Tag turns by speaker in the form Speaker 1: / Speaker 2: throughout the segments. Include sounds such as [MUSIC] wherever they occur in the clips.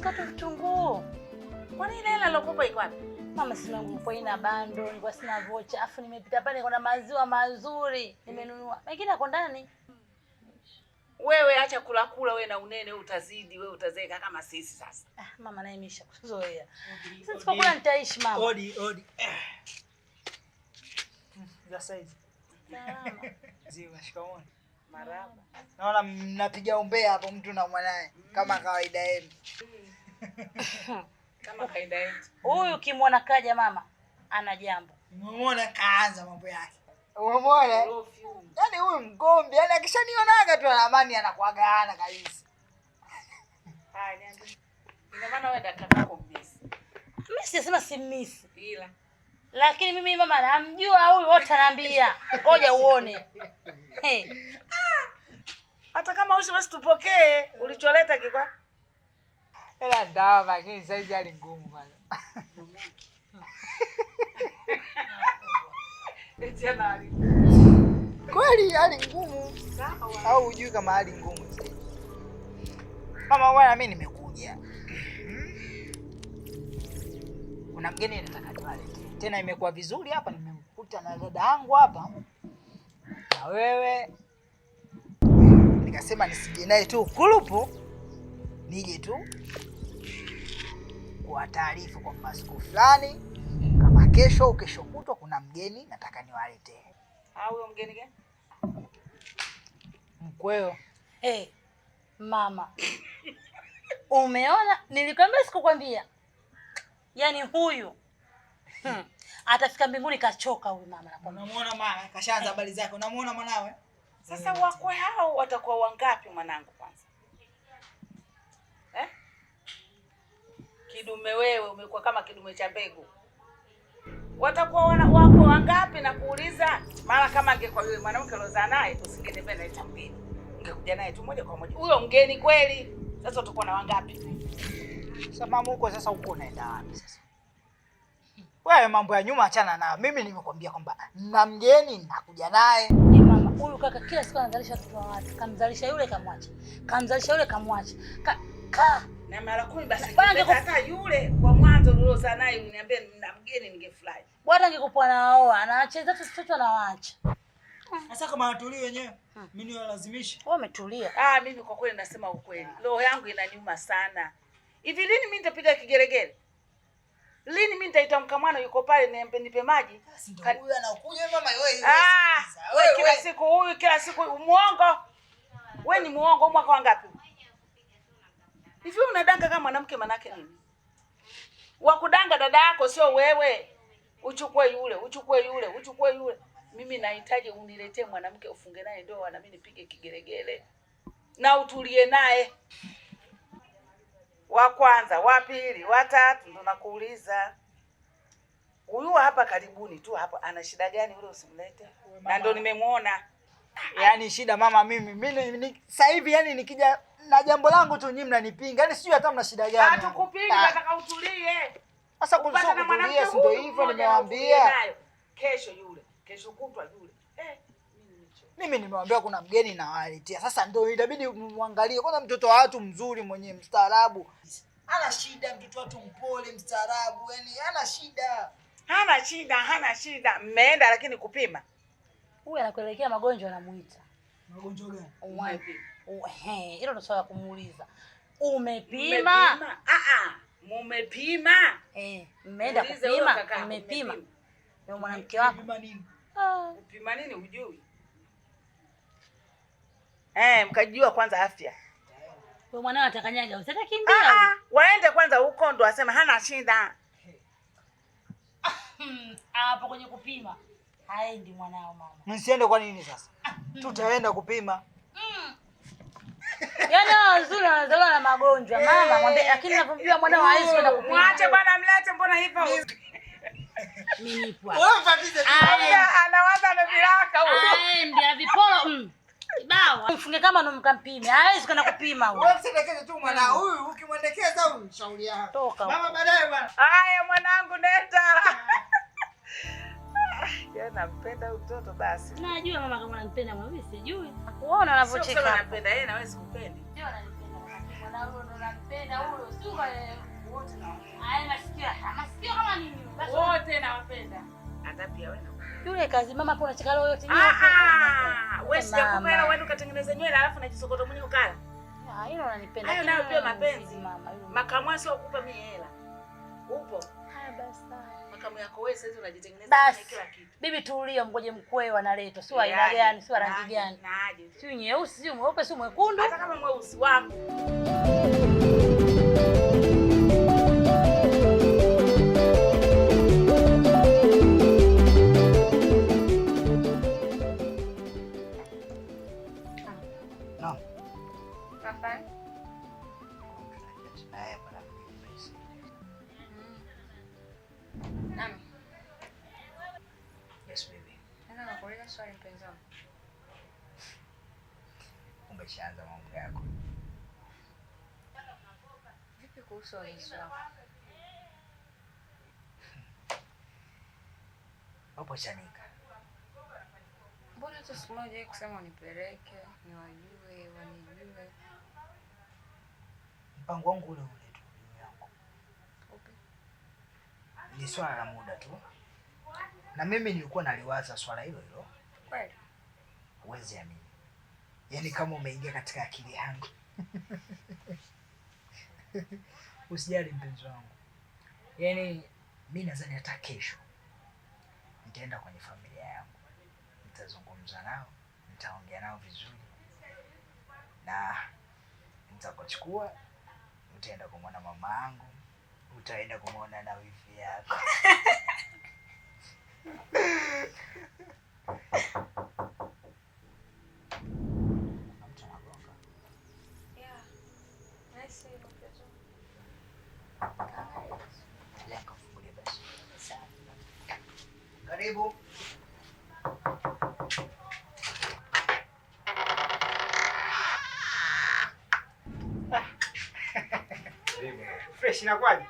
Speaker 1: usikate vitunguu.
Speaker 2: Kwani ile hela lokopa iko wapi?
Speaker 1: Mama simangupo ina bando, nilikuwa sina vocha. Afu nimepita pale kuna maziwa mazuri nimenunua. Mengine yako ndani.
Speaker 2: Wewe acha kula kula, wewe na unene wewe, utazidi wewe, utazeeka kama sisi sasa.
Speaker 1: Ah, mama naye imesha kuzoea. Sasa tukakula nitaishi mama.
Speaker 2: Odi odi. Eh. Sasa hivi. Salama. [LAUGHS] Ziwa, shikamoo. Maraba. Naona mnapiga umbea hapo mtu na mwanae kama kawaida yenu. [LAUGHS] Kama kawaida yetu.
Speaker 1: Huyu ukimwona kaja mama ana jambo.
Speaker 2: Umeona kaanza mambo yake. Umeona? Yaani huyu mgombe, yaani akishanionaga tu ana amani anakuaga ana kabisa. Haya, niambie. Ina maana wewe dakika zako miss.
Speaker 1: Mimi sisema si miss. Ila lakini mimi mama namjua huyu wote anaambia. Ngoja uone. Hey. [LAUGHS]
Speaker 2: hata kama ushi basi tupokee ulicholeta kikwa ela dawa lakini saizi hali ngumu bana. kweli hali ngumu au hujui kama hali ngumu mama bwana mimi nimekuja kuna mgeni nataka tuale tena imekuwa vizuri hapa nimemkuta na dada yangu hapa na wewe nikasema nisije naye tu kurupu, nije tu kwa taarifa kwamba siku fulani kama kesho au kesho kutwa kuna mgeni nataka niwaletee. Huyo mgeni gani? Mkweo.
Speaker 1: Hey, eh, mama umeona, nilikwambia sikukwambia? Yaani huyu hmm, atafika mbinguni kachoka huyu mama.
Speaker 2: Unamuona mama kashaanza habari zake, unamuona mwanawe sasa wakwe hao watakuwa wangapi mwanangu? Kwanza eh? Kidume wewe umekuwa kama kidume cha mbegu. Watakuwa wako wangapi? na kuuliza mara kama angekuwa yule mwanamke aliozaa naye usingenipenda naita mgeni, ungekuja naye tu moja kwa moja, huyo mgeni kweli. Sasa utakuwa na wangapi? Sasa mama, huko sasa huko unaenda wapi sasa? Wewe mambo ya nyuma achana nayo. Mimi nimekwambia kwamba na mgeni nakuja naye.
Speaker 1: mama, huyu kaka kila siku anazalisha watoto wa watu. Kamzalisha yule kamwacha. Kamzalisha yule kamwacha. Ka,
Speaker 2: ka na mara kumi basi. Hata yule kwa mwanzo nilioza naye uniambie na mgeni ningefurahi.
Speaker 1: Bwana angekupa na oa, anacheza tu mtoto anawaacha.
Speaker 2: Sasa kama watulii wenyewe, mimi ni lazimisha.
Speaker 1: Wewe umetulia.
Speaker 2: Ah, mimi kwa kweli nasema ukweli. Roho yangu inaniuma sana. Hivi lini mimi nitapiga kigeregere? Lini mimi nitaita mwana yuko pale niampe nipe maji. Ah, huyu anakuja mama wewe. Ah, wewe kila siku huyu kila siku muongo. Wewe ni muongo mwaka wangapi Hivi unadanga kama mwanamke manake nini? Wakudanga dada yako sio wewe. Uchukue yule, uchukue yule, uchukue yule. Mimi nahitaji uniletee mwanamke ufunge naye ndio na mimi nipige kigeregele Na utulie naye wa kwanza, wa pili, wa tatu, ndo nakuuliza huyu hapa karibuni tu hapa ana shida gani? Ule usimlete na ndo nimemwona. Yaani shida mama, mimi mimi sasa hivi yani nikija na jambo langu tu nyinyi mnanipinga, yaani sijui hata mna shida gani. Hatukupinga, ah. nataka utulie sasa. Kuzuia ndio hivyo, nimewaambia kesho yule, kesho kutwa yule, eh. Mimi nimewambia kuna mgeni nawaletia sasa ndio itabidi mwangalie kwanza, mtoto wa watu mzuri, mwenye mstaarabu, hana shida. Mtoto wa watu mpole, mstaarabu, yani hana shida, hana shida, hana shida. Mmeenda lakini kupima,
Speaker 1: huyu anakuelekea magonjwa, anamuita
Speaker 2: magonjwa gani?
Speaker 1: Hilo ndio swala kumuuliza. Umepima?
Speaker 2: Mumepima?
Speaker 1: Eh, mmeenda kupima? Mmepima?
Speaker 2: Ndio mwanamke wako. mpima nini? Hujui? eh, mkajua kwanza afya
Speaker 1: wewe mwanao atakanyaga, usitakimbia.
Speaker 2: Ah, ah, waende kwanza huko ndo asema hana shida. [CLEARS THROAT] Hapo kwenye kupima. Haendi mwanao mama. Msiende kwa nini sasa? Tutaenda kupima. Mm.
Speaker 1: Yaani nzuri anazaliwa na magonjwa. Mama eh, mwambie lakini navyomjua mwanao hawezi kwenda kupima.
Speaker 2: Mwache bwana mlete mbona hivyo? Mimi [LAUGHS] nipo. Wewe mfatize. Anawaza na viraka
Speaker 1: huko. Aende avipolo. Mm kibao. Mfunge kama ndo mkampime. Hawezi kwenda kupima huyo.
Speaker 2: Wewe usielekeze tu mwana hmm. huyu ukimwendekeza huyu shauri yako. Toka. Mama baadaye bwana. Haya mwanangu nenda. Ah. Ah, yeye nampenda mtoto basi.
Speaker 1: Najua mama kama anampenda mimi sijui. Kuona anavyocheka.
Speaker 2: Sio anapenda yeye na wewe
Speaker 1: Ndio ananipenda. Mwanangu ndo nampenda huyo. Sio wote na. Haya masikio. Masikio kama nini?
Speaker 2: Wote nawapenda. Hata pia wewe
Speaker 1: yule kazi mama hapo unacheka leo yote.
Speaker 2: Ah ah. Wewe sijakupa hela uende ukatengeneze nywele alafu unajisokota mwenyewe ukala.
Speaker 1: Ah, hilo unanipenda.
Speaker 2: Hayo nayo pia mapenzi mama. Makamwa sio kukupa mimi hela. Upo. Haya basi. Makamu yako wewe sasa unajitengeneza
Speaker 1: kila kitu. Bibi tulia mngoje mkweo analetwa. Sio aina yaani, gani, sio rangi gani. Naje. Sio nyeusi, sio mweupe, sio mwekundu.
Speaker 2: Hata kama mweusi wako. Nami. Yes baby.
Speaker 3: Nataka kuuliza swali mpenzi wangu.
Speaker 2: Umeshaanza mambo yako.
Speaker 3: Vipi kuhusu wazazi wako?
Speaker 2: Wapo chanika.
Speaker 3: Mbona hata siku moja kusema unipeleke, niwajue, wanijue?
Speaker 2: Mpango wangu ule ni swala la muda tu, na mimi nilikuwa naliwaza swala hilo hilo. Kweli huwezi amini, yaani kama umeingia katika akili yangu. [LAUGHS] Usijali mpenzi wangu, yaani mi nadhani hata kesho nitaenda kwenye familia yangu, nitazungumza nao, nitaongea nao vizuri na nitakuchukua, utaenda kumwona mama yangu utaenda kumwona na wifi yako. Karibu. Fresh inakuwaje?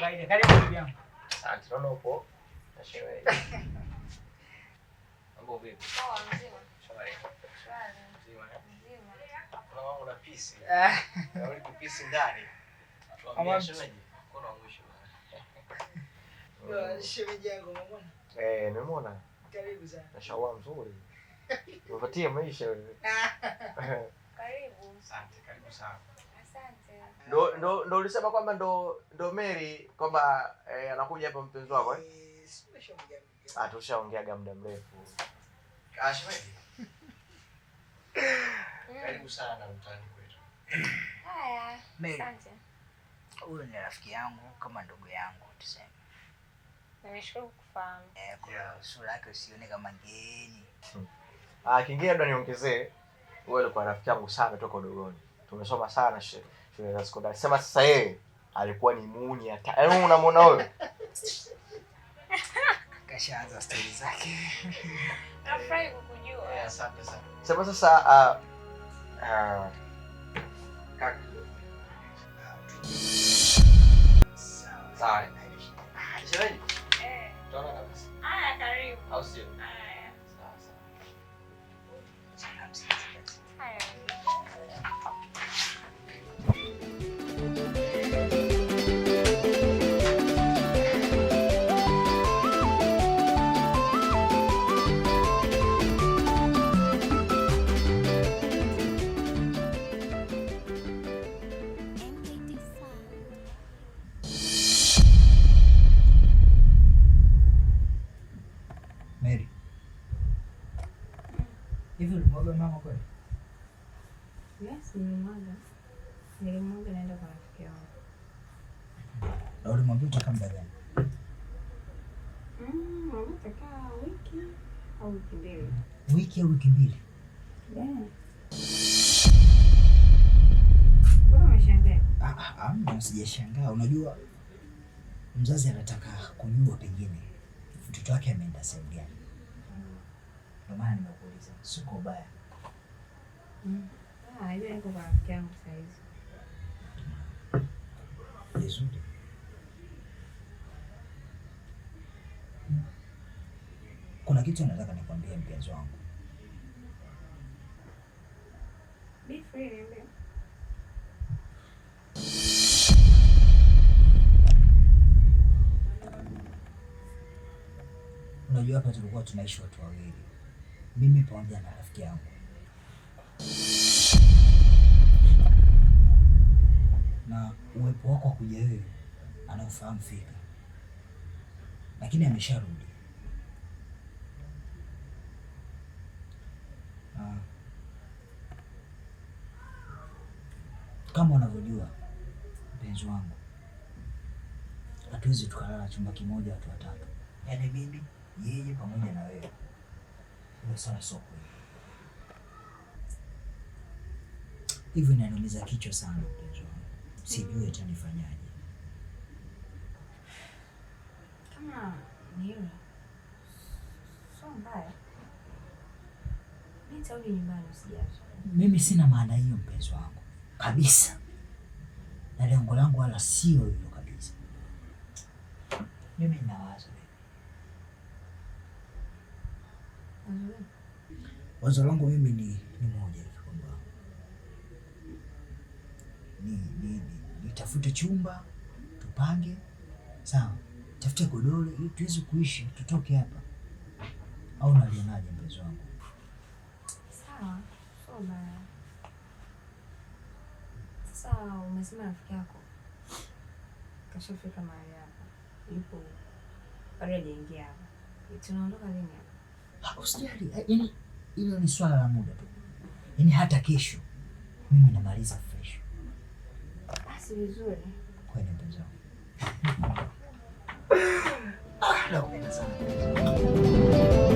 Speaker 2: kawaida. Karibu ndugu yangu.
Speaker 4: Asante. na Mambo vipi? Poa, mzima. Shwari. Shwari. Mzima. Mzima. Kuna mambo na pisi. Na ndani. shemeji. Kuna mwisho.
Speaker 2: shemeji yangu Eh, Karibu
Speaker 4: sana. mzuri. Umepatia maisha wewe. Karibu. [LAUGHS] Asante, karibu sana. Ndo ndo ndo ulisema kwamba ndo ndo Mary kwamba eh, anakuja hapa mpenzi wako eh? Ah, tushaongeaga muda mrefu. Mm. Karibu sana mtani kwetu.
Speaker 3: Haya. Asante.
Speaker 2: Huyu ni rafiki yangu kama ndugu yangu tuseme.
Speaker 3: Nimeshukuru kufahamu.
Speaker 2: Eh, kwa sura yake usione kama ngeni.
Speaker 4: Ah, kingine ndo niongezee. Wewe ulikuwa rafiki yangu sana toka udogoni. Tumesoma sana shule shule za sekondari. Sema sasa yeye alikuwa ni muuni hata. Yaani unamwona huyo?
Speaker 2: [LAUGHS] Kashaanza stori zake.
Speaker 3: Nafurahi kukujua.
Speaker 4: Eh, asante sana. Sema sasa uh, uh, kaka. Sawa.
Speaker 2: kweli?
Speaker 3: Yes, nilimwaga. Nilimwaga naenda kwa rafiki yangu.
Speaker 2: Na ulimwambia utakaa muda gani?
Speaker 3: Mm, utakaa wiki au wiki mbili.
Speaker 2: Wiki au wiki mbili? Yeah. Ah, ah, ah, sijashangaa. Unajua mzazi anataka kujua pengine mtoto wake ameenda sehemu gani. Mm. Ndio maana nimekuuliza. Siko baya. Kuna kitu nataka nikwambie mpenzi wangu. Unajua hapa tulikuwa tunaishi watu wawili, mimi pamoja na rafiki yangu na uwepo wako wa kuja wewe anaofahamu fika, lakini amesharudi. Kama unavyojua mpenzi wangu, hatuwezi tukalala chumba kimoja watu watatu, yaani mimi, yeye pamoja na wewe. Hiyo sana sio hivyo inaniumiza kichwa sana, mpenzi wangu, sijui atanifanyaje.
Speaker 3: Kama ni yule sio mbaya, nitarudi nyumbani, usijali.
Speaker 2: Mimi sina maana hiyo mpenzi wangu kabisa, na lengo langu wala sio hilo kabisa. Mimi ninawaza wazo langu mimi ni tafute chumba tupange, sawa, tafute godoro ili tuweze kuishi, tutoke hapa. Au nalionaje mpenzi wangu?
Speaker 3: Sawa, sio mbaya. Sasa umesema rafiki yako kashafika mahali hapa, yupo bado hajaingia hapa, tunaondoka lini
Speaker 2: hapa? Usijali, yani hilo ni swala la muda tu, yaani hata kesho mimi namaliza 欢迎登场。哈喽，先 [LAUGHS] 生。